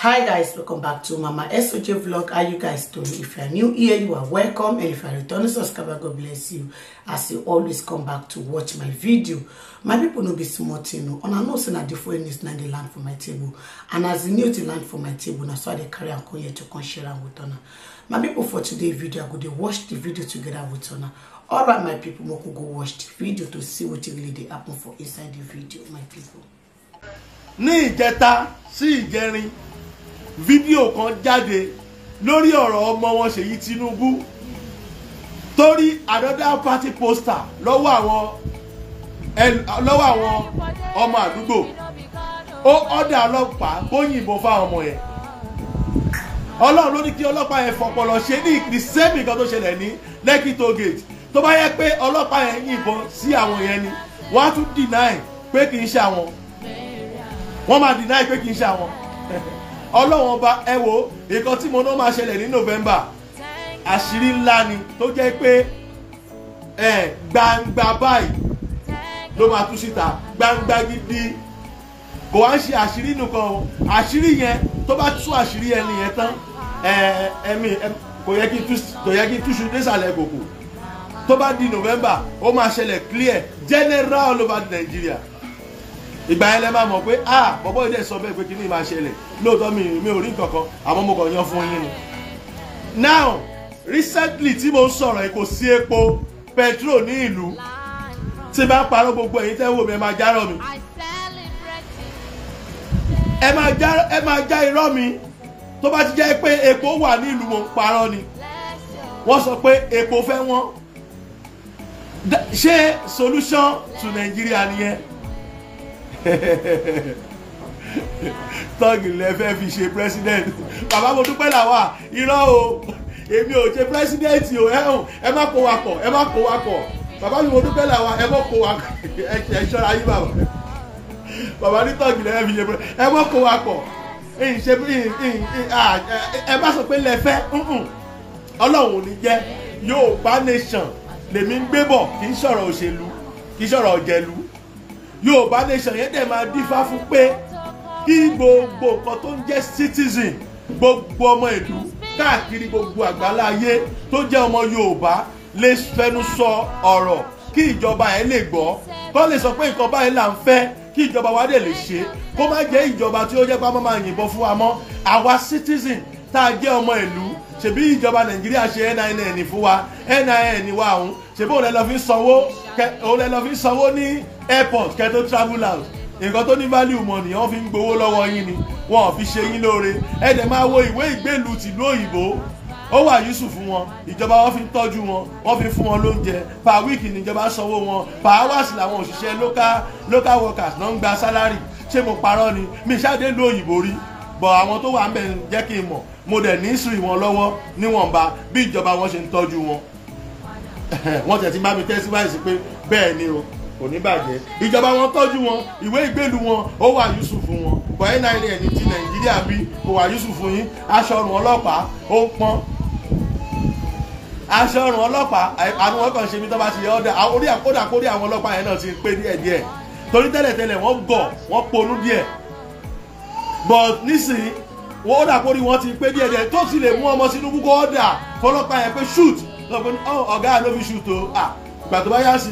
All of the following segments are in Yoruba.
hi guys welcome back to mama soj vlog how you guys doing if you are new here you are welcome and if you are returning subscriber god bless you as you always come back to watch my video my people no be small thing and una know saying na the foreign news na dey land for my table and as the news dey land for my table na so they carry and come here to come share and with una my people for today's video i go to watch the video together with una all right my people make go watch the video to see wetin really dey happen for inside the video my people. ní ìjẹta sí ìjẹrin fídíò kan jáde lórí ọ̀rọ̀ ọmọ wọn Ṣèyí Tinubu torí another party poster lọ́wọ́ àwọn lọ́wọ́ àwọn ọmọ àdúgbò ó ọ̀dà ọlọ́pàá kó yìnbọn fáwọn ọmọ yẹn ọlọ́run ló ní kí ọlọ́pàá yẹn fọpọlọ ṣe ní the same nǹkan tó ṣẹlẹ̀ ní Lekki toll gate tó bá yẹ pé ọlọ́pàá yẹn yìnbọn sí àwọn yẹn ni wọ́n á tún deny pé kì í ṣe àwọn wọ́n máa deny pé kì í ṣe àwọn. ọlọ́run ọba ẹ wo nǹkan tí mo ná máa ṣẹlẹ̀ ní november àṣírí ńlá ni tó jẹ́ pé gbangba báyìí ló máa tú síta gbangba gidi kò wá ń ṣe àṣírí nìkan o àṣírí yẹn tó bá tú àṣírí ẹni yẹn tán ẹ̀mí kò yẹ kí n túṣu désàlẹ̀ kòkò tó bá di november ó máa ṣẹlẹ̀ clear general all over Nigeria ìgbà yẹn lẹ máa mọ̀ pé ah bọ́bọ́ ilé sọ bẹ́ẹ̀ pé kí ni máa ṣẹlẹ̀ lóòótọ́ mi mi ò rí nǹkan kan àmọ́ mo kàn yan fún yín ni. now recently tí mo ń sọ̀rọ̀ yìí kò sí epo petrol ní ìlú tí bá parọ́ gbogbo ẹ̀yin tẹ́ wò ẹ máa járọ̀ mi ẹ máa já irọ́ mi tó bá ti jẹ́ pé epo wà ní ìlú mo ń parọ́ ni wọ́n sọ pé epo fẹ́ wọ́n ṣé solution to Nigeria nìyẹn tọ́ọ̀gì lẹ fẹ́ fi ṣe president bàbá mo dúpẹ́ làwà irọ́ o èmi ò ṣe president o ẹ̀hún ẹ má kó wa pọ̀ ẹ má kó wa pọ̀ bàbá mi mo dúpẹ́ làwà ẹ má kó wa ẹ ṣọ́ra yín bàbá bàbá ní tọ́ọ̀gì lẹ fẹ́ fi ṣe president ẹ má kó wa pọ̀ ṣe ẹ bá sọ pé lẹ fẹ́ ọlọ́run ò ní jẹ́ yóò bá nation lèmi ń gbé bọ̀ kì í sọ̀rọ̀ òṣèlú kì í sọ̀rọ̀ òjẹ̀lú yorùbá nation yẹn dẹ̀ máa dífá fún pé kí gbogbo nǹkan tó ń jẹ́ citizen gbogbo ọmọ ìlú káàkiri gbogbo àgbálá ayé tó jẹ́ ọmọ yorùbá lè fẹnu sọ ọ̀rọ̀ kí ìjọba yẹn lè gbọ́ kó lè sọ pé nǹkan báyìí là ń fẹ́ kí ìjọba wa dẹ̀ lè ṣe kó má jẹ́ ìjọba tí ó jẹ́ pé máa yìnbọn fún wa mọ́ àwa citizen tá a jẹ́ ọmọ ìlú ṣèbí ìjọba nàìjíríà ṣe NIN fún wa NIN wa òun ṣèbí òun lè lọ fi sanwó ní airport kẹ́ tó travel out nǹkan tó ní value money wọ́n fi ń gbowó lọ́wọ́ yín ni wọn ò fi ṣe yín lóore ẹ dẹ̀ máa wo ìwé ìgbélùú tìlú òyìnbó ó wà yusuf wọn ìjọba wọn fi ń tọ́jú wọn wọ́n fi ń fún wọn lóúnjẹ per week níjọba sanwó wọn per hours làwọn òṣìṣẹ́ local local workers náà ń gba salary ṣé mo parọ́ ni mi ṣáde lu òyìnbó rí bọ̀ àwọn tó wà ń bẹ̀ ń jẹ́ kí n mọ̀ mo dẹ̀ ní sùn ìwọ̀n lọ́wọ́ níwọ̀nba bí ìjọba wọn ṣe ń tọ́jú wọn wọ́n tẹ̀ ti bá mi tẹ́síwájú sí pé bẹ́ẹ̀ ni o kò ní bàjẹ́ ìjọba wọn tọ́jú wọn ìwé ìgbèlú wọn ó wà yusufu wọn bọ̀yé náírà ẹni ti nàìjíríà bí kò wà yusufu yín aṣọ ọrùn ọlọ́pàá ó pọ́n aṣọ ọrùn ọlọ́pàá àwọn ọkàn ṣe mi tó bá ṣe yọ ọ́dà orí àkódà kórí àwọn ọlọ́pàá yẹn náà ti pé díẹ̀ díẹ̀ torí tẹ́lẹ̀tẹ́lẹ̀ wọ́n gọ̀ wọ́n ponú díẹ̀ but nísìnyí wọ́n ọ̀dà kórí wọ́n ti pé díẹ̀ díẹ̀ tó sì lè mú ọmọ sínú kúkọ́ ọ̀dà fọlọ́pàá yẹn pé shoot lọ́pẹ́ oh, ọ̀gá àlọ́ fi shoot o ah gbàtọ́ bá yá sí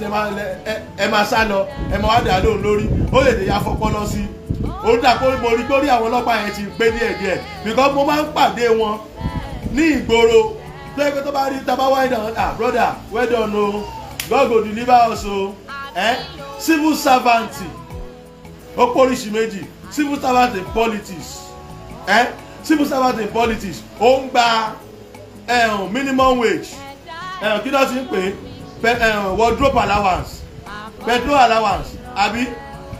ẹ máa sá lọ ẹ máa wá dà lóhùn lórí ó lè dèyà fọpọlọ sí i òun dà pé mo rí gbórí àwọn ọlọ́pàá yẹn ti gbé díẹ̀ díẹ̀ because mo máa ń pàdé wọn ní ìgboro lẹ́gbẹ́ tó bá rí tábà wáyé náà ah brother well done o God go deliver us o eh? civil servant ó pọ́lísì méjì civil servant in politics eh? civil servant in politics ó ń gba eh, minimum wage eh, kí ló ti ń pè é. Eh, wardrobe allowance petrol allowance àbí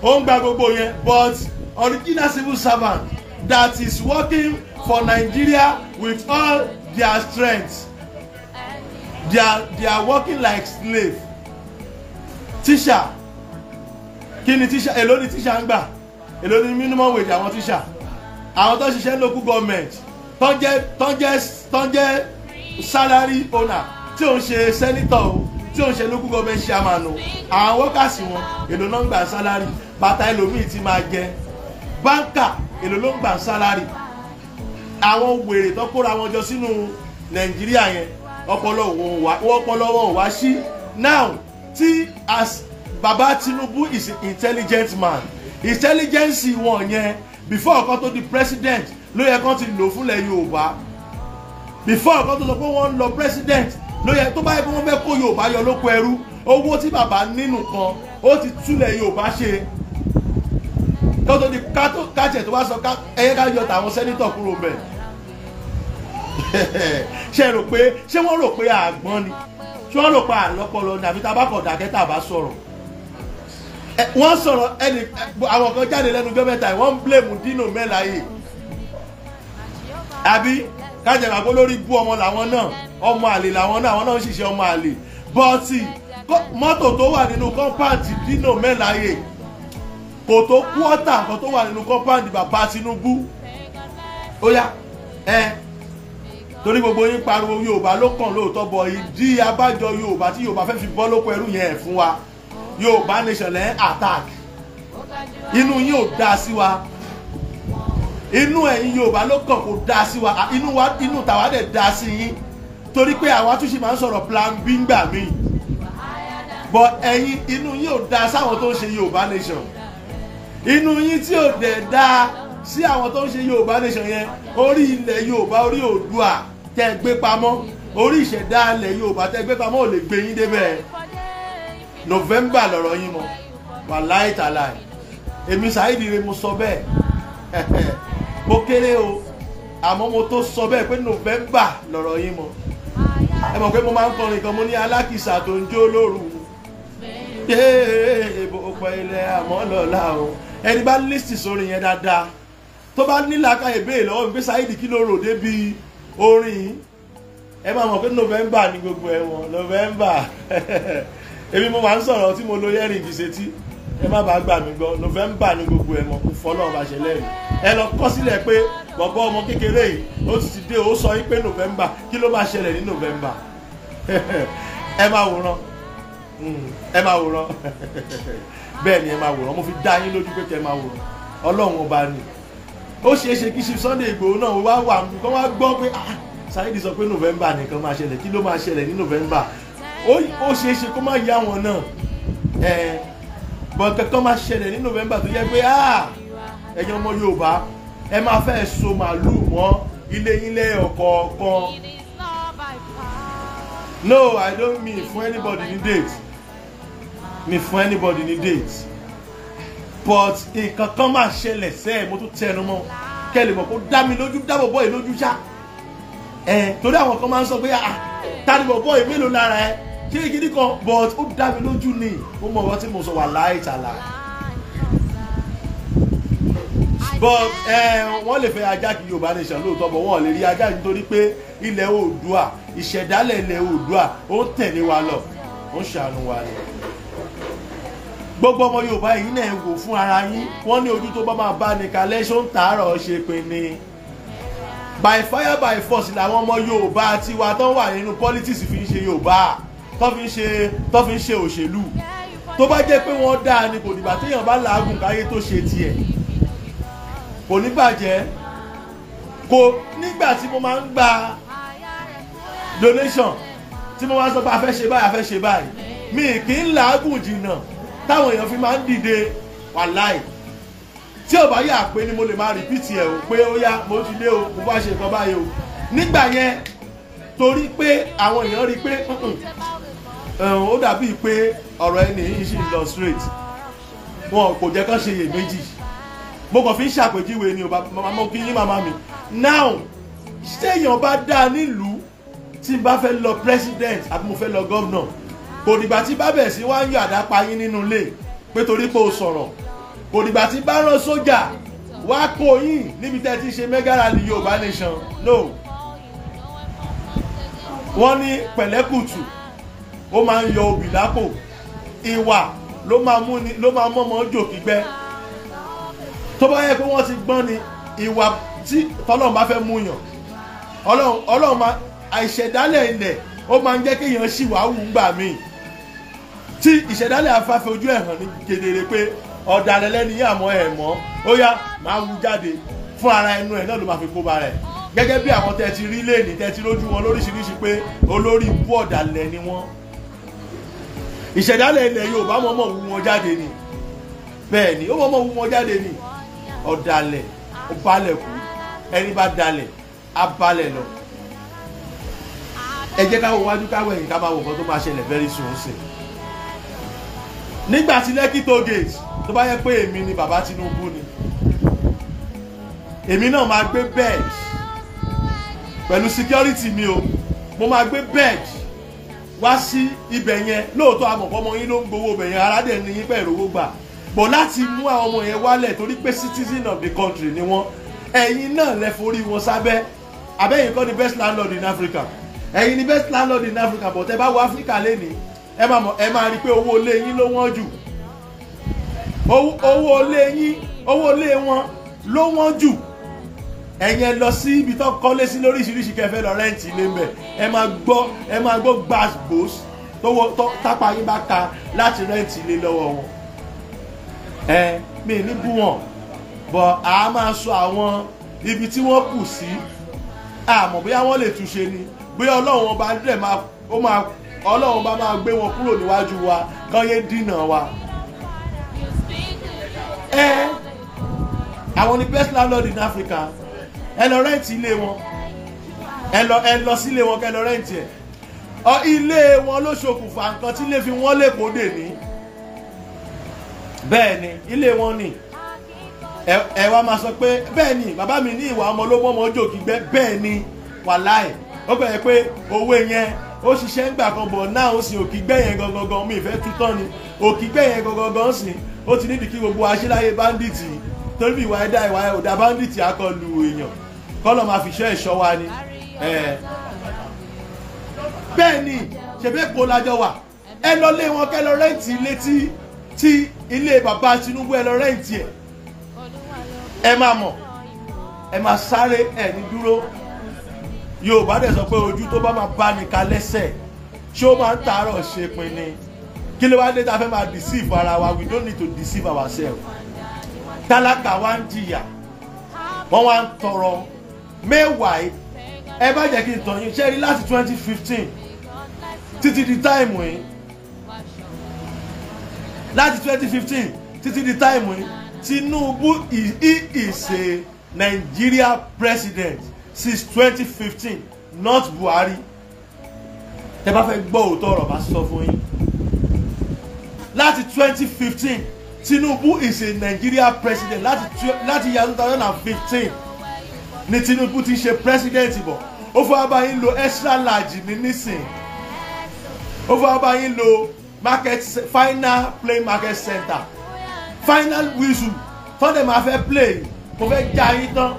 ó ń gba gbogbo yẹn but original civil servant that is working for Nigeria with all their strength they are they are working like slave tíṣà kí ni tíṣà èló ni tíṣà ń gbà èló ni minimum wage àwọn tíṣà àwọn tó ń ṣiṣẹ́ local government tó ń jẹ́ tó ń jẹ́ tó ń jẹ́ salary owner tí ò ń ṣe senator o tí ò ń ṣe lókù gọ́ọ̀mẹ̀ntì chairman o àwọn wọ́kàsì wọn èlò náà ń gbà sálárì bàtà ẹlòmíì ti máa jẹ báńkà èlò ló ń gbà sálárì àwọn wèrè tó kóra wọn jọ sínú nàìjíríà yẹn ọpọlọ wá sí now tí as baba Tinubu is an intelligent man intelligence wọn yẹn before ọkọ tó di president ló yẹ kán ti lò fúnlẹ̀ Yorùbá before ọkọ tó sọ pé wọ́n lọ president ló yẹ tó bá yẹ kó wọ́n fẹ́ kó Yorùbá yọ lóko ẹrú owó tí bàbá nínú kan ó ti túlẹ̀ Yorùbá ṣe tọ́tọ́ ni kájẹ̀ tó wá sọ ẹyẹ ká yọ tàwọn sẹ́nítọ̀ kúrò bẹ̀ ṣe rò pé ṣé wọ́n rò pé àgbọ́n ni ṣé wọ́n rò pé àlọ́pọ̀lọ́ ni àbí tabakọ̀dà kẹta bá sọ̀rọ̀ wọ́n sọ̀rọ̀ ẹni àwọn kan jáde lẹ́nu jọ́ mẹ́ta wọ́n blame Dino Melaye àbí kájẹ̀ bàbá lórí bú ọmọ làwọn náà ọmọ àlè làwọn náà àwọn náà ń ṣiṣẹ́ ọmọ àlè bọ́ọ̀tì mọ́tò tó wà nínú kọ́ńpáǹdì dínà mẹ́láyè kò tó kúọ́tà kan tó wà nínú kọ́ńpáǹdì bàbá Tinubu ó yá ẹ torí gbogbo yín pariwo Yorùbá ló kàn lóòótọ́ bọ̀ ìdí abájọ Yorùbá tí Yorùbá fẹ́ fi bọ́ lóko ẹrú yẹn fún wa Yorùbá nation lẹ́ attack inú yín ò dá sí wa inú ẹ̀yin Yorùbá ló kàn kò dá sí wa inú tàwa dẹ̀ dá sí yín torí pé àwa tún ṣe máa ń sọ̀rọ̀ plan b ńgbà míì but ẹ̀yin inú yín ò dáa sáwọn tó ń ṣe Yorùbá nation inú yín tí ò dẹ̀ dáa sí àwọn tó ń ṣe Yorùbá nation yẹn orí ilẹ̀ Yorùbá orí Oòduà tẹ́ gbé pamọ́ orí ìṣẹ̀dá ilẹ̀ Yorùbá tẹ́ gbé pamọ́ ò lè gbé yín débẹ̀ November lọ̀rọ̀ yín mọ́ wàláì tàláì èmi Saheed Ire mo sọ bẹ́ẹ̀ mo kéré o àmọ́ mo tó sọ bẹ́ẹ̀ pé November lọ̀rọ̀ yín mọ́ ẹ mọ̀ pé mo máa ń kọrin kan mo ní alákìsà tó ń jó lóru èèbò ọ̀pọ̀ ilẹ̀ àmọ́ lọ́la o ẹni bá lísì sórin yẹn dáadáa tó bá nílà ká ìbéèrè lọ́wọ́ mi pé Saheed kí ló rò débi orin yìí ẹ máa mọ̀ pé November ni gbogbo ẹ̀wọ̀n November èmi mo máa ń sọ̀rọ̀ tí mo lo yẹ́rìn ìdìsẹ́tì ẹ má bàa gbà mí gbọ́ November ni gbogbo ẹ̀wọ̀n kò fọ́ náà bàṣẹ lẹ́yìn ẹ lọ kọ sílẹ̀ pé bọ̀bọ̀ ọmọ kékeré yìí ó ti dé ó sọ pé november kí ló máa ṣẹlẹ̀ ní november ẹ máa wòran hmm, ẹ máa wòran bẹ́ẹ̀ ni ẹ máa wòran mo fi dá yín lójú pé kẹ́ ẹ máa wòran ọlọ́run ọba ni ó ṣeé ṣe kí chief sunday igbòho náà wá wà mí kó wá gbọ́ pé ah, Saheed sọ pé november nìkan máa ṣẹlẹ̀ kí ló máa ṣẹlẹ̀ ní november ó ṣeé ṣe kó má yá wọn náà bọ̀ kankan máa ṣẹlẹ̀ ní november tó yẹ pé ah ẹ̀yin ọmọ Yorùbá ẹ máa fẹ́ so màlúù mọ́ ilé ilé ọ̀kọ̀ọ̀kan. no i don't mean for anybody ní date mi for anybody ní date but nǹkan kan máa ṣẹlẹ̀ sẹ́ẹ̀ mo tún tẹnu mọ́ kẹ́lẹ̀ mọ̀ kó dá mi lójú dábò bọ́ọ̀ lójú ṣá ẹ̀ torí àwọn kan máa ń sọ pé ah tani bọ̀ bọ́ọ̀ mélòó lára ẹ̀ ṣé ìkíní kan but ó dá mi lójú ni ó mọ̀ wọ́n tí mo sọ wà láì tàlà but eh, wọ́n lè fẹ́ ajá kí yorùbá nation lóòótọ́ bọ̀ wọ́n lè rí ajá nítorí pé ilẹ̀ oòdùà ìṣẹ̀dálẹ̀ ilẹ̀ oòdùà ó ń tẹ̀lé wa lọ ó ń ṣàánú wa lọ. gbogbo ọmọ yorùbá yìí náà wò fún ara yín wọ́n ní ojú tó bá máa bá ní kalẹ́ ṣó ń tàárọ̀ ṣe pé ni by fire by force làwọn ọmọ yorùbá tiwa tó ń wà nínú politics fi ń ṣe yorùbá tó fi ń ṣe tó fi ń ṣe òṣèlú tó bá jẹ́ pé wọ́n dáa ni kò dìgbà téèyàn bá làágùn káyé tó ṣe tiẹ̀ kò ní bàjẹ́ kò nígbà tí mo máa ń gba donation tí mo máa ń sọ pé a fẹ́ ṣe báyìí a fẹ́ ṣe báyìí mi kì í làágùn jìnnà táwọn èèyàn fi máa ń dìde wàláì tí ò bá yà pé ni mo lè máa rìpíìtì ẹ̀ o pé ó yá mo ti dé o mo bá ṣe nǹkan báyìí o nígbà yẹn torí pé àwọn èèyàn rí i pé ó dàbíi pé ọ̀rọ̀ ẹni yìí ṣì ń lọ straight wọn kò jẹ́ kán ṣe iyèméjì mo kàn fi ń ṣàpèjúwe ni o màmá mo kí yín màmá mi now ṣéèyàn bá dáa nílùú tí n bá fẹ́ lọ president àbí mo fẹ́ lọ governor kò dìgbà tí bá bẹ̀rẹ̀ sí wá ń yọ àdápa yín nínú ilé pé torí pé o sọ̀rọ̀ kò dìgbà tí bá rán sójà wá kó yín níbi tẹ́ ti ṣe mẹ́gàrà ní Yorùbá nation no wọ́n ní pẹ̀lẹ́kùtù ó máa ń yọ obì lápò ìwà ló máa mú ọmọ jòkì tó bá yẹ pé wọ́n ti gbọ́n ni ìwà tí tọ́lọ́run bá fẹ́ mú yàn ọlọ́run ọlọ́run máa àìṣẹ̀dálẹ̀ ilẹ̀ ó máa ń jẹ́ kéèyàn ṣì wá wù ú gbà míì tí ìṣẹ̀dálẹ̀ afáfẹ́ ojú ẹ̀ hàn ní kedere pé ọ̀dàlẹ̀ lẹ́ni yà mọ́ ẹ̀ mọ́ ó yá máa wú jáde fún ara ẹnu ẹ̀ náà ló máa fi kó ba rẹ̀ gẹ́gẹ́ bí àwọn tẹ́ ti rí léèní tẹ́ ti rójú wọn lóríṣiríṣi pé olórí ikú ọ̀dàlẹ̀ ni wọ́n ìṣẹ̀dálẹ̀ ilẹ̀ Yorùbá mọ̀mọ́ wú wọn jáde ni bẹ́ẹ̀ ni ó mọ̀mọ́ wú wọn jáde ni ọ̀dàlẹ̀ ọbalẹ̀ kú ẹni bá dalẹ̀ abalẹ̀ lọ ẹ jẹ́ ká wo wájú ká wo ẹ̀yìn ká máa wo nǹkan tó máa ṣẹlẹ̀ very soon sí i nígbà tí lẹ́kì tó gate tó bá yẹ pé èmi ni bàbá Tinubu ni èmi náà máa gbé bed pẹ̀lú security mi o mo máa gbé bed wá sí ibẹ̀ yẹn lóòótọ́ amọ̀kọ́mọ yín ló ń gbowó ibẹ̀ yẹn aládẹ̀ ni yín pẹ̀lú owó gbà bọ̀ láti mú àwọn ọmọ yẹn wálẹ̀ torí pé citizen of the country ni wọ́n ẹ̀yin náà lẹ forí wọn sábẹ́ abẹ́yìn kọ́ ni best landlord in Africa ẹ̀yin ni best landlord in Africa bọ̀ tẹ́ bá wọ Africa lẹ́ni ẹ máa mọ̀ ẹ máa rí i pé owó ilé yín ló wọ́n jù owó ilé yín owó ilé wọn ló wọ́n jù ẹ̀yin lọ sí ibi tó kọ́lé sí lóríṣiríṣi kẹfẹ́ lọ rẹ́ǹtì ilé mbẹ̀ ẹ máa gbọ́ ẹ máa gbọ́ gbàgbós tó tápá yín bá ka láti rẹ́ǹtì ilé lọ́wọ́ wọn ẹ mi ní bú wọn bọ̀ a máa sọ àwọn ibi tí wọ́n kù sí àmọ́ bóyá wọ́n lè túnṣe ni bóyá ọlọ́run ọba dẹ̀ máa ó máa ọlọ́run ọba máa gbé wọn kúrò níwájú wa kán yé dínà wa. ẹ àwọn ni best landlord in Africa ẹ lọ rẹ́ǹtì ilé wọn ẹ lọ ẹ lọ sílé wọn kẹ lọ rẹ́ǹtì ẹ ilé wọn ló ṣokùnfà nǹkan tí ilé fi wọ́n lè kó dè ní bẹ́ẹ̀ ni ilé wọn ni ẹ wá máa sọ pé bẹ́ẹ̀ ni bàbá mi ní ìwà ọmọ ló mọ́ ọmọ ojú òkìgbẹ́ bẹ́ẹ̀ ni wàláì ó bẹ̀rẹ̀ pé owó yẹn ó ṣiṣẹ́ ń gbà kan bọ̀ náà ó sì òkìgbẹ́ yẹn gangan mi ìfẹ́ tutọ́ ni òkìgbẹ́ yẹn gangan sì ó ti nídìí kí gbogbo aṣíláyé báńdíìtì torí bí ìwà ẹ̀dá ìwà ọ̀dà báńdíìtì akọlù èèyàn kọ́lọ̀ máa fi ṣọ́ ẹ̀ṣọ́ wa ni bẹ́ẹ̀ ni ṣèbí tí ilé bàbá Tinubu ẹ lọ rẹ́ǹtì ẹ̀ ẹ máa mọ̀ ẹ máa sáré ẹ ní dúró Yorùbá dẹ̀ sọ pé ojú tó bá máa bá nìka lẹ́sẹ̀ ṣé ó máa ń tàárọ̀ ṣe pin ni kí ló wá dé ta fẹ́ máa deceive ara wa we don't need to deceive ourselves tálákà wa ń jìyà wọ́n wá ń tọrọ mẹ́wàá ẹ bá jẹ́ kí n tọ̀yìn ṣẹ́rí láti twenty fifteen títí di táìmù yìí láti 2015. fifteen títí di táìmù yìí Tinubu he is a Nigeria president since 2015, fifteen not Buhari tẹ bá fẹ́ gbọ́ òótọ́ ọ̀rọ̀ bá sọ fún yín láti twenty Tinubu is a Nigeria president láti láti yà two thousand and fifteen ni Tinubu ti ṣe president bọ̀ ó fọwọ́ bá yín lo extra large ní nísìn ó fọwọ́ bá yín lo market final play market center final whistle fọ́ndẹ̀ máa fẹ́ play mo fẹ́ já yín tán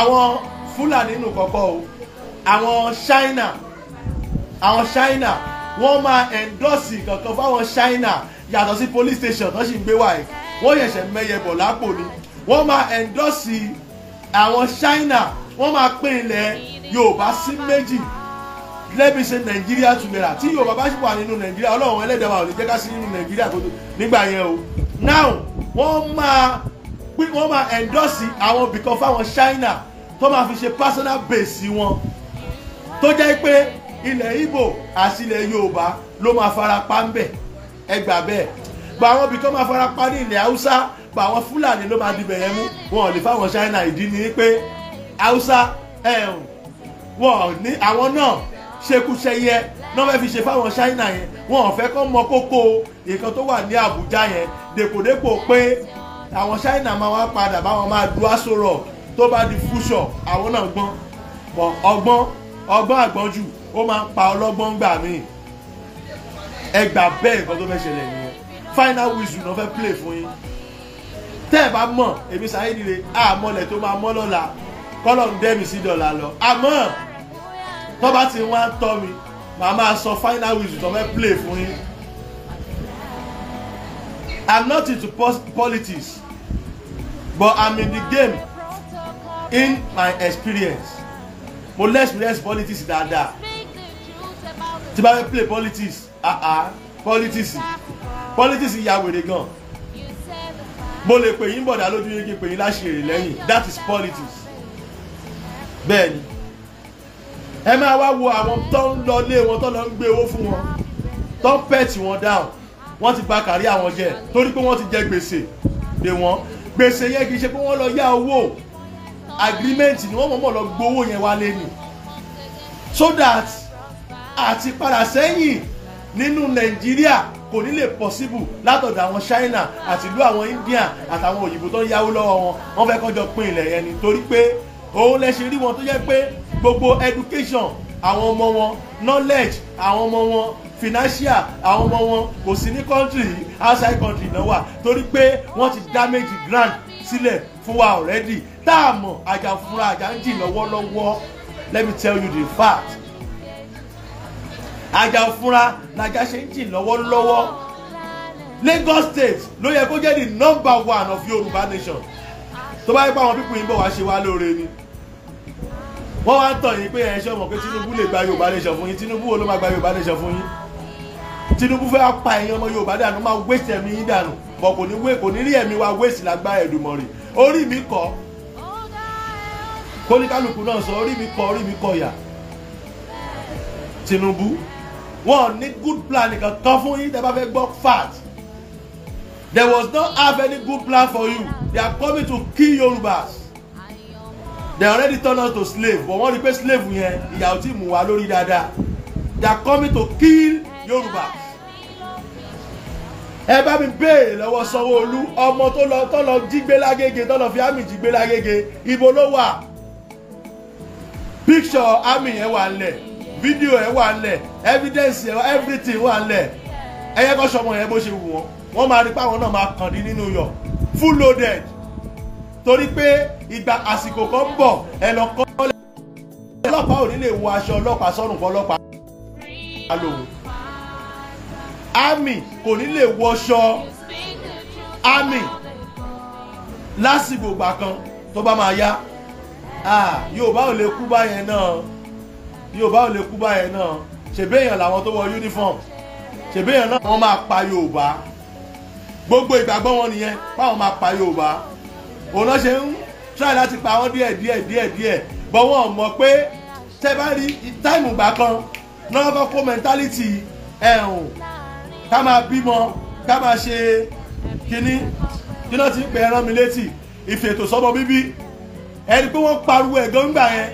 àwọn fúlàní nù kọ́kọ́ o àwọn china àwọn china wọ́n máa endorse kankan fáwọn china yàtọ̀ sí police station tó sì ń gbé wá yìí wọ́n yẹ̀ṣẹ̀ mẹ́yẹ bọ̀ lápò ni wọ́n máa endorse àwọn china wọ́n máa pín ilẹ̀ yorùbá sí méjì lẹ́bi ṣe nàìjíríà tún lera tí yorùbá bá sì wà nínú nàìjíríà ọlọ́run ẹlẹ́dàá wa ò lè jẹ́ ká sí nínú nàìjíríà tó nígbà yẹn o now wọ́n máa pé wọ́n máa endorse àwọn bìkan fáwọn china tó máa fi ṣe personal base wọn tó jẹ́ pé ilẹ̀ Ìgbò àti ilẹ̀ yorùbá ló máa fara pa ń bẹ̀ ẹ gbà bẹ́ẹ̀ gba àwọn bìkan máa fara pa ní ilẹ̀ haúsá gba àwọn fúlàní ló máa dibẹ̀ yẹn mú wọn ò lè fáwọn china ìdí ni pé haúsá ẹ̀ wọ́n ní àwọn náà ṣekúṣẹyẹ náà fẹ́ fi ṣe fáwọn ṣáínà yẹn wọn ò fẹ́ kọ́ mọ kókó nǹkan tó wà ní àbújá yẹn dèpòdépò pé àwọn ṣáínà máa wá padà báwọn máa du aṣọ rọ̀ tó bá di fúṣọ̀ àwọn náà gbọ́n ọgbọ́n ọgbọ́n àgbọ́njù ó máa ń pa ọlọ́gbọ́n gbà mí ẹgbà bẹ́ẹ̀ nǹkan tó fẹ́ ṣẹlẹ̀ nìyẹn final whistle náà fẹ́ play fún yín tẹ́ ẹ̀ bá mọ̀ èmi Saheed Ire àmọ́lẹ̀ tó máa mọ́ lọ́la kọ́lọ̀ ń dẹ́mi sí tó bá ti wá ń tọ́ mi màá máa sọ final whistle tó play fún yín I'm not into politics but I'm in the game in my experience mo lè experience politics Dada. tí bá fẹ́ play politics ah ah politics politics ya wèrè gan mo lè pè yín bọ̀dá lójú yín kí n pè yín láṣìírí lẹ́yìn that is politics bẹ́ẹ̀ ẹ máa wá wo àwọn tó ń lọ lé wọn tó lọ ń gbé owó fún wọn tó ń pẹ̀tì wọn dáhùn wọ́n ti bà kárí àwọn jẹ́ torí pé wọ́n ti jẹ gbèsè dè wọ́n gbèsè yẹn kì í ṣe pé wọ́n lọ yá owó agreement ni wọ́n mọ̀mọ́ lọ gbowó yẹn wálé ni so that àti padà sẹ́yìn nínú nàìjíríà kò ní lè possible látọ̀dọ̀ àwọn china àti ìlú àwọn india àtàwọn òyìnbó tó ń yáwó lọ́wọ́ wọn wọ́n fẹ́ kọ́jọ pín ilẹ̀ yẹn ni torí pé òun lẹ ṣe rí wọn tó jẹ́ pé gbogbo education àwọn ọmọ wọn knowledge àwọn ọmọ wọn financial àwọn ọmọ wọn kò sí ní country outside country náà wà torí pé wọ́n ti damage grand sílẹ̀ fún wa already tá a mọ̀ àjà fúnra àjà ń jì let me tell you the fact àjà fúnra làjà ṣe ń jì lọ́wọ́lọ́wọ́ Lagos State ló yẹ kó jẹ́ the number one of Yorùbá nation tó bá yẹ pé àwọn pípín yìí bọ̀ wá ṣe wá lóore ni wọ́n wá ń tọ̀ yín pé ẹ̀ṣọ́ mọ̀ pé Tinubu lè gba Yorùbá nation fún yín Tinubu wo ló máa gba Yorùbá nation fún yín Tinubu fẹ́ pa ẹ̀yin ọmọ Yorùbá dànù máa wéṣẹ̀ ẹ̀mí yín dànù bọ̀ kò ní wé kò ní rí ẹ̀mí wa wéṣì lágbá Èdùmàrè orí mi kọ́ kóníkálukú náà sọ orí mi kọ́ orí mi kọ́ yà Tinubu wọn ní good plan nìkan kan fún yín tẹ́ bá fẹ́ gbọ́ fact there was no have any good plan for you they are coming to kill Yorùbás they already turn us to slave but wọ́n rí pé slave yẹn ìyà ò tí mú wa lórí dáadáa they are coming to kill Yorùbá ẹ bá mi béèrè lọ́wọ́ Sanwó-Olú ọmọ tó lọ tó lọ jígbé lágége tó lọ fi àmì jígbé lágége ibo ló wà picture àmì yẹn wà ńlẹ̀ fídíò yẹn wà ńlẹ̀ evidence yẹn everything wà ńlẹ̀ ẹyẹ kọ́ sọmọ yẹn bó ṣe wù wọ́n wọ́n máa rí pé àwọn náà máa kàn dín ní New York full loaded torí pé ìgbà àsìkò kan ń bọ̀ ẹ lọ kọ́ lẹ́yìn ọlọ́pàá ò ní lè wọ aṣọ ọlọ́pàá sọ́rùn fún ọlọ́pàá lòun army kò ní lè wọṣọ army lásìkò ìgbà kan tó bá máa yá yorùbá ò lè kú báyẹn náà yorùbá ò lè kú báyẹn náà ṣèbéèyàn làwọn tó wọ uniform ṣèbéèyàn náà wọ́n máa pa yorùbá gbogbo ìgbàgbọ́ wọn nìyẹn báwọn máa pa yorùbá òun náà ṣe ń try láti pa wọ́n díẹ̀ díẹ̀ díẹ̀ díẹ̀ bọ́ wọ́n mọ̀ pé tẹ́ bá rí táìmù gbà kan náà kọ́ kó mẹ́ńtálítì ẹ̀hún ká máa bímọ ká máa ṣe kínní kí náà ti ń pè ẹran mi létí ìfètò sọ́mọ bíbí ẹni pé wọ́n pariwo ẹ̀gán ńgbà yẹn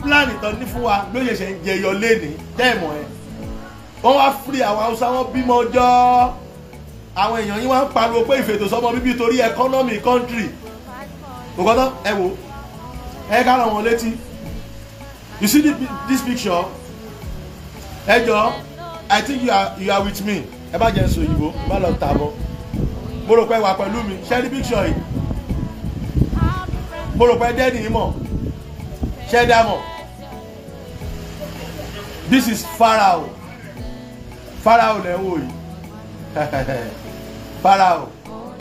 pílánì tán ní fún wa ló ṣẹ̀ṣẹ̀ ń jẹyọ léni tẹ́ẹ̀mọ̀ ẹ̀ wọ́n wá firi àwọn haúsá wọn bímọ ọjọ́ àwọn èèyàn yín wá ń pariwo pé ìfètò sọ́mọ bíbí torí ẹkọ́nọ́mì kọ́ńtírì nǹkan tán ẹ wò ẹ ká ràn wọn létí you see this, this picture ẹ jọ i think you are, you are with me ẹ bá jẹ́ ń sọ òyìnbó ẹ bá lọ tà bọ́ mo rò pé wà pẹ̀lú mi ṣe rí picture yìí mo rò pé dẹ́ni mọ̀ ṣe dá mọ̀ this is Pharaoh Pharaoh lẹ́ ń wò yìí Pharaoh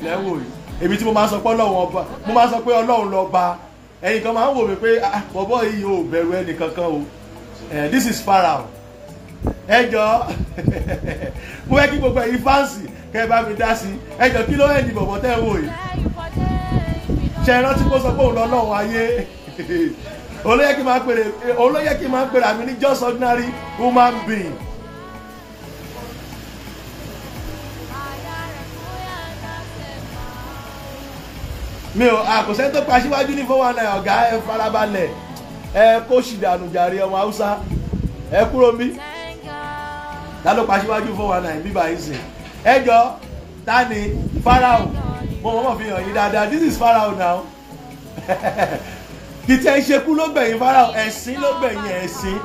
lẹ́ yìí èmi tí mo máa sọ pé ọlọ́run ọba mo máa sọ pé ọlọ́run lọ́ba ẹnìkan máa ń wò mí pé ah, bọ̀bọ̀ yìí ò bẹ̀rù ẹnìkankan o eh, this is Pharaoh ẹ jọ mo fẹ́ kí gbogbo ẹ̀yin fáǹsì kẹ́ ẹ bá mi dá sí ẹ jọ kí ló ẹ̀ ní bọ̀bọ̀ tẹ́ ẹ wò yìí ṣe é rántí kó sọ pé òun lọ́lọ́run ayé olóyè kí n máa pèrè àmì ní just ordinary human being mi ò àkọsẹ́ tó pa síwájú ní four one nine ọ̀gá ẹ farabalẹ̀ ẹ kó ṣìdànù jàre ọmọ haúsá ẹ kúrò mí ta ló pa síwájú four one nine bíbá yìí sè ẹ jọ ta ni Farao mo mọ̀ mọ̀ fi hàn yín dáadáa this is Farao now kìtẹ́ ìṣekú ló gbẹ̀yìn Farao ẹ̀sìn ló gbẹ̀yìn ẹ̀sìn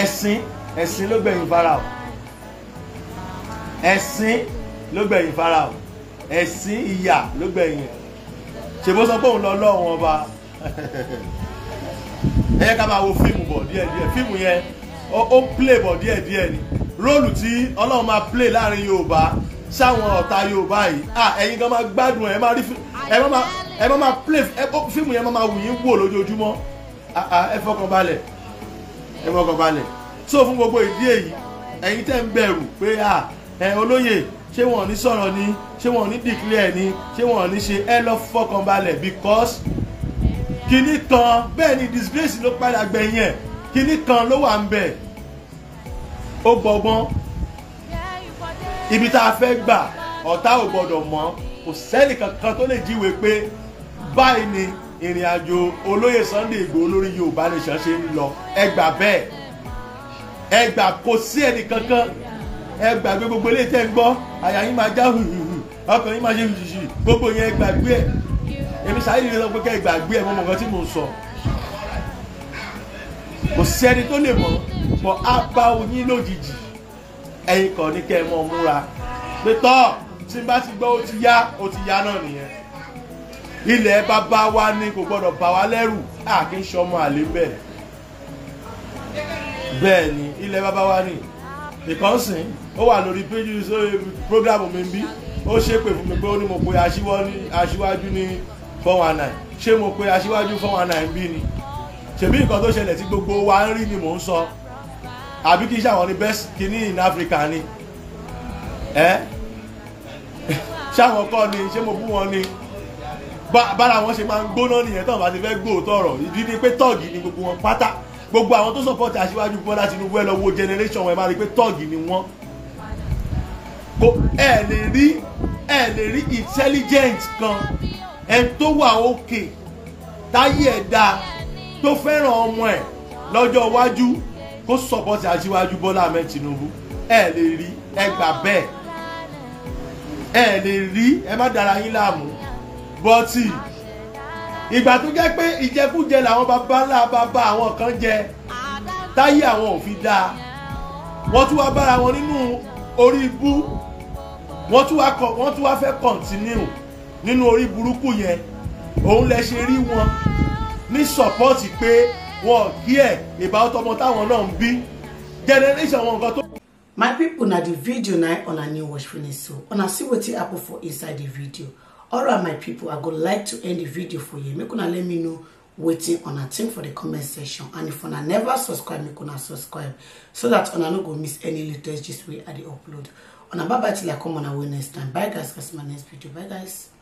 ẹ̀sìn ẹ̀sìn ló gbẹ̀yìn Farao ẹ̀sìn ló gbẹ̀yìn Farao ẹ̀sìn ìyà ló gbẹ̀yìn ẹ̀ ṣe bó sọ pé òun lọ lọ́wọ́n ọba ẹ ká máa wo fíìmù bọ̀ díẹ̀díẹ̀ fíìmù yẹn ó play bọ̀ díẹ̀díẹ̀ ni róòlù tí ọlọ́run máa play láàrin yorùbá sáwọn ọ̀tá yorùbá yìí ah ẹ̀yin gan máa gbádùn ẹ̀ máa rí ẹ máa máa play fíìmù yẹn máa wù yín wò lójoojúmọ́ ẹ fọkàn balẹ̀ ẹ fọkàn balẹ̀ so fún gbogbo ìdí èyí ẹ̀yin tẹ́ ń bẹ̀rù pé ah olóyè ṣé wọn ò ní sọ̀rọ̀ ni ṣé wọn ò ní declare ni ṣé wọn ò ní ṣe ẹ lọ fọkàn balẹ̀ because kinní kan bẹ́ẹ̀ ni disgrace ló padà gbẹ̀yìn ẹ̀ kinní kan ló wà ń bẹ̀ ó gbọgbọ́n ibi tá a fẹ́ gbà ọ̀tá ò gbọ́dọ̀ mọ̀ kò sẹ́ni kankan tó lè jíwèé pé báyìí ni ìrìn àjò olóyè Sunday Ìgbòho lórí Yorùbá Nation ṣe ń lọ ẹ gbà bẹ́ẹ̀ ẹ gbà kò sí ẹnì kankan ẹ gbàgbé gbogbo ilé tẹ́ ń gbọ́ àyà yín máa já hùhùhù ọkàn yín máa ṣe hùhùhù gbogbo yẹn gbàgbé ẹ̀ èmi sáyé lè lọ pé kẹ́ ẹ gbàgbé ẹ̀ mọ́mọ́ kan tí mò ń sọ kò sẹ́ni tó lè mọ̀ bọ̀ á bá oyin lójijì ẹ̀yin kàn ní kẹ́ ẹ mọ̀ múra pé tọ́ tí n bá ti gbọ́ ó ti yá ó ti yá náà nìyẹn ilẹ̀ bàbá wa ni kò gbọ́dọ̀ bà wá lẹ́rù ìkànsìn ó wà lórí péjú sórí eh, program mi bí ó ṣépè fún mi pé ó ní mo pe aṣíwájú ní four one nine ṣé mo pe aṣíwájú four one nine bí ni ṣèbí nǹkan tó ṣẹlẹ̀ tí gbogbo wa ń rí ni mò ń sọ àbí kí ṣàwọn ni best kìíní in Africa ni ẹ ṣàwọn kọ́ ni ṣé mo bú wọn ni bára wọn ṣe máa ń gbóná nìyẹn tó bá ti fẹ́ gbóòótọ́ ọ̀rọ̀ ìdí ni pé tọ́ọ̀gì ni gbogbo wọn pátá gbogbo àwọn tó sọ̀pọ̀tì aṣíwájú Bọ́lá Tinubu ẹ lọ wo generation wọn ẹ máa rí i pé tọ́ọ̀gì ni wọ́n kò ẹ lè rí ẹ lè rí intelligent kan ẹ tó wà òkè táyé ẹ dáa tó fẹ́ràn ọmọ ẹ lọ́jọ́ iwájú kó sọ̀pọ̀tì aṣíwájú Bọ́lá Ahmed Tinubu ẹ lè rí ẹ gbà bẹ́ẹ̀ ẹ lè rí ẹ má dára yín láàmú bọ́tì ìgbà tó jẹ́ pé ìjẹkújẹ làwọn baba ńlá baba àwọn kan jẹ táyé àwọn ò fi dáa wọ́n tún wá bára wọn nínú orí ibú wọ́n tún wá kọ wọ́n tún wá fẹ́ kọ̀ntínú nínú orí burúkú yẹn òun lẹ ṣe rí wọn ní sọ̀pọ́ọ̀tì pé wọn díẹ̀ ìbá ọtọmọ táwọn náà ń bí generation wọn nǹkan tó. my pipo na di video na una new watch finish so una see wetin happen for inside di video alright my pipo i go like to end di video for here make una let me know wetin una think for di comment section and if una never subscribe make una subscribe so dat una no go miss any latest gist wey i dey upload on a bye bye till I come on a Wednesday. Bye guys, customer next video. Bye guys.